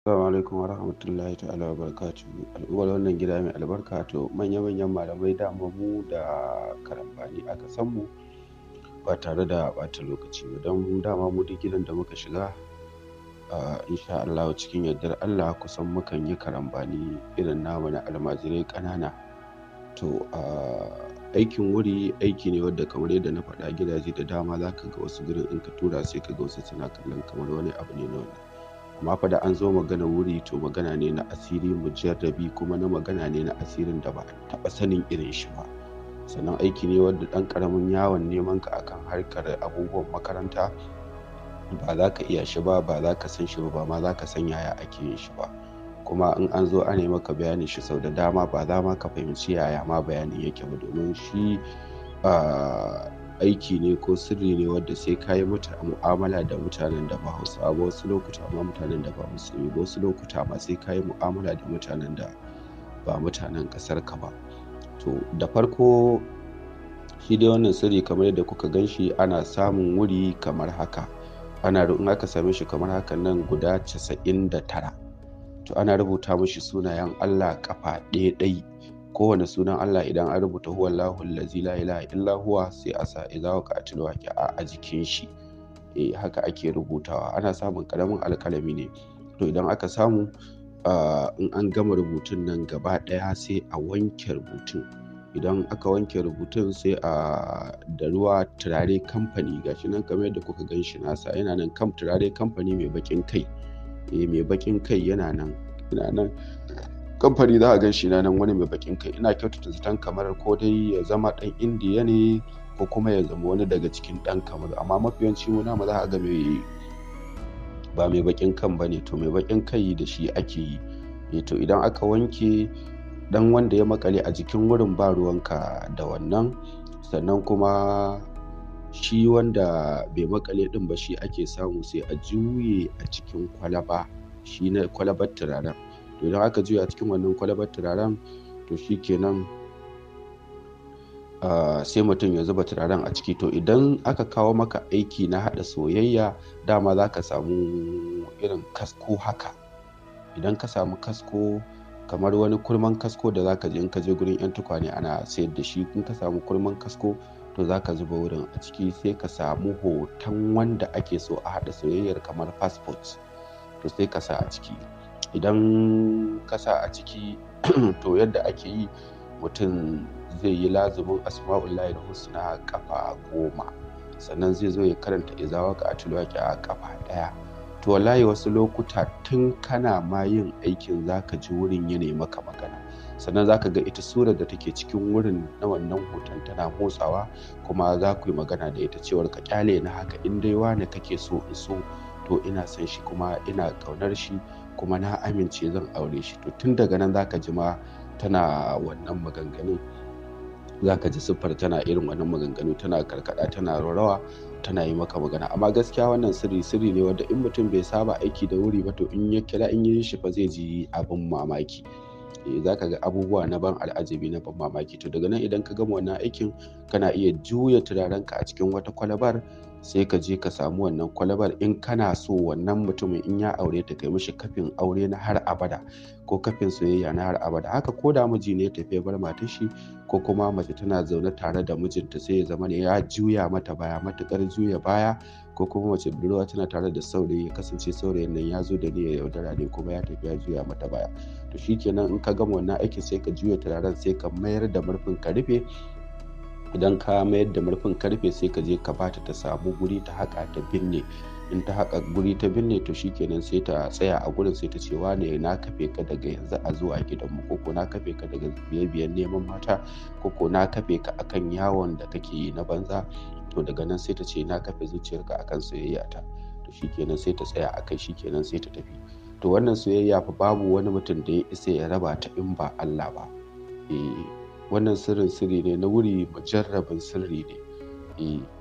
Assalamu alaikum wa rahmatullahi ta'ala wa barkatu. al'ummar wannan gida mai albarka to manya-manyan malamai dama mu da karambani aka san mu ba tare da bata lokaci ba don dama mu duk gidan da muka shiga insha Allah cikin yardar Allah kusan mukan yi karambani irin namu na almajirai kanana. to aikin wuri aiki ne wadda kamar yadda na faɗa gidaje da dama zaka ga wasu gurin in ka tura sai ka ga wasu suna kallon kamar wani abu ne na wannan amma fa da an zo magana wuri to magana ne na asiri mujarrabi kuma na magana ne na asirin da ba a taɓa sanin irin shi ba sannan aiki ne wanda ɗan ƙaramin yawon neman ka akan harkar abubuwan makaranta ba za ka iya shi ba ba za ka san shi ba ma za ka san yaya ake yin shi ba kuma in an zo ana maka bayanin shi sau da dama ba za ma ka fahimci yaya ma bayanin yake ba domin shi ah, aiki ne ko sirri ne wadda sai ka yi mu'amala da mutanen da ba hausawa ba wasu lokuta ma mutanen da ba musulmi ba wasu lokuta ma sai ka yi mu'amala da mutanen da ba mutanen ƙasar ka ba to da farko shi dai wannan sirri kamar yadda kuka gan shi ana samun wuri kamar haka ana in aka same shi kamar haka nan guda casa'in da tara to ana rubuta mashi sunayen allah kafa ɗaya kowane sunan Allah idan an rubuta huwa Allahu allazi la ilaha illa huwa sai a sa idza waqa'atil waqi'a a jikin shi eh haka ake rubutawa ana samun karamin alkalami ne to idan aka samu ah, in an gama rubutun nan gaba daya sai a wanke rubutun idan aka wanke rubutun sai a da ruwa turare kamfani gashi nan kamar yadda kuka gan shi nasa yana nan kam turare kamfani mai bakin kai eh, mai bakin kai yana nan yana nan kamfani za a gan shi nan wani mai bakin kai ina kyautata zaton kamar ko dai ya zama ɗan indiya ne ko kuma ya zama wani daga cikin ɗan kamar amma mafi yawanci mu namu za a ga mai ba mai bakin kan bane to mai bakin kai da shi ake yi e to idan aka wanke dan wanda ya makale a jikin wurin ba ruwanka da wannan sannan kuma shi wanda bai makale din ba shi ake samu sai a juye a cikin kwalaba shi na kwalabar turaren to idan aka juya cikin wannan kwalabar turaren to shi kenan sai mutum ya zuba turaren a ciki to idan aka kawo maka aiki na haɗa soyayya dama za ka samu irin kasko haka idan ka samu kasko kamar wani kurman kasko da za ka je in ka je gurin 'yan tukwane ana sayar da shi in ka samu kurman kasko to za ka zuba wurin a ciki sai ka samu hoton wanda ake so a haɗa soyayyar kamar passport to sai ka sa a ciki idan ka sa a ciki to yadda ake yi mutum zai yi lazumin asma'ullahi da husna kafa goma sannan zai zo ya karanta izawa ka atulwaki a kafa daya to wallahi wasu lokuta tun kana ma yin aikin zaka ji wurin ya nemi maka magana sannan zaka ga ita surar da take cikin wurin na wannan hoton tana motsawa kuma za ku yi magana da ita cewar ka kyale na haka in dai wane kake so in so to ina son shi kuma ina kaunar shi kuma na amince zan aure shi to tun daga nan zaka ji ma tana wannan maganganun zaka ji siffar tana irin wannan maganganu tana karkada tana rawa tana yi maka magana amma gaskiya wannan sirri sirri ne wanda in mutum bai saba aiki da wuri ba to in ya kira in yi shi fa zai ji abin mamaki eh, za ka ga abubuwa na ban al'ajabi na ban mamaki to daga nan idan ka gama wannan aikin kana iya juya turaren ka a cikin wata kwalabar sai ka je ka samu wannan kwalabar in kana so wannan mutumin in ya aure ta kai mishi kafin aure na har abada ko kafin soyayya na har abada haka ko da miji ne ya tafi bar matar shi ko kuma mace tana zaune tare da mijinta sai ya zama ya juya mata baya matukar juya baya ko kuma mace budurwa tana tare da saurayi ya kasance saurayin nan ya zo da ne ya yaudara ne kuma ya tafi ya juya mata baya to shikenan in ka gama wannan aikin sai ka juya turaren sai ka mayar da murfin ka rufe idan ka mayar da murfin karfe sai ka je ka bata ta samu guri ta haƙa ta binne in ta haƙa guri ta binne to shikenan sai ta tsaya a gurin sai ta ce wane na kafe ka daga yanzu a zuwa gidanmu ko na kafe ka daga biyan neman mata ko ko na kafe ka akan yawon da kake yi na banza to daga nan sai ta ce na kafe zuciyarka akan soyayya ta to shikenan sai ta tsaya akai shikenan sai ta tafi to wannan soyayya fa babu wani mutum da ya isa ya raba ta in ba Allah ba eh wannan sirrin sirri ne na wuri mujarrabin sirri ne eh.